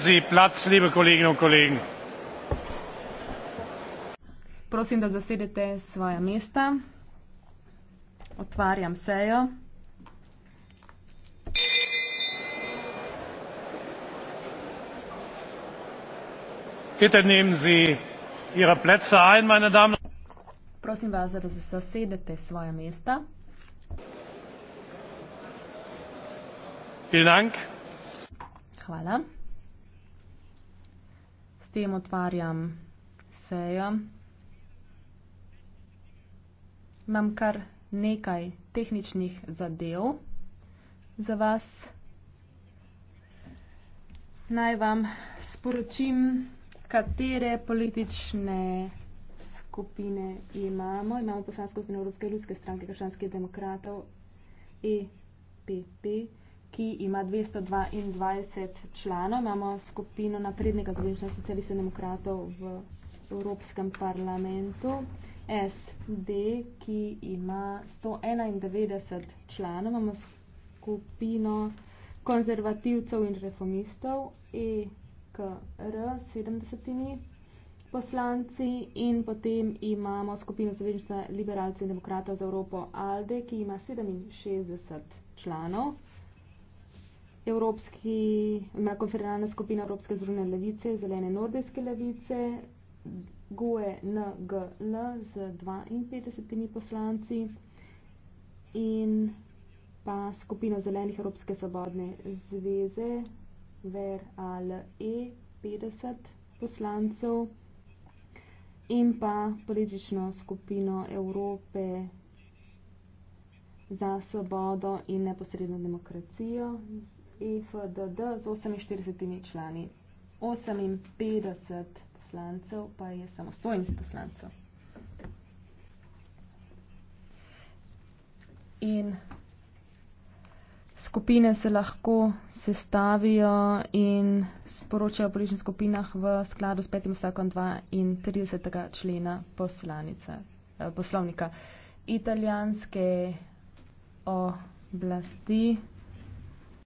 sie platz liebe kolleginnen und kollegen! prosim da zasedete svoja mesta otvarjam sejo bitte nehmen sie ihre plätze ein meine damen prosim vas da zasedete svoja mesta Vielen Dank. Hvala tem otvarjam sejo. Imam kar nekaj tehničnih zadev za vas. Naj vam sporočim, katere politične skupine imamo. Imamo poslansko skupino Evropske ljudske stranke, Hrščanskih demokratov, EPP ki ima 222 člana. Imamo skupino naprednega zgodnjega socialista demokratov v Evropskem parlamentu. SD, ki ima 191 člana. Imamo skupino konzervativcev in reformistov. EKR, 70 poslanci in potem imamo skupino zavežnice liberalcev in demokratov za Evropo ALDE, ki ima 67 članov. Evropski, ima konferenalna skupina Evropske zrune levice, zelene nordijske levice, GUE NGL z 52 poslanci in pa skupina zelenih Evropske sabodne zveze, VER ALE, 50 poslancev in pa politično skupino Evrope za svobodo in neposredno demokracijo EFDD z 48 člani, 58 poslancev pa je samostojnih poslancev. In skupine se lahko sestavijo in sporočajo v političnih skupinah v skladu s 5. stavkom 2 in 30. člena poslanice, eh, poslovnika italijanske oblasti. Oh,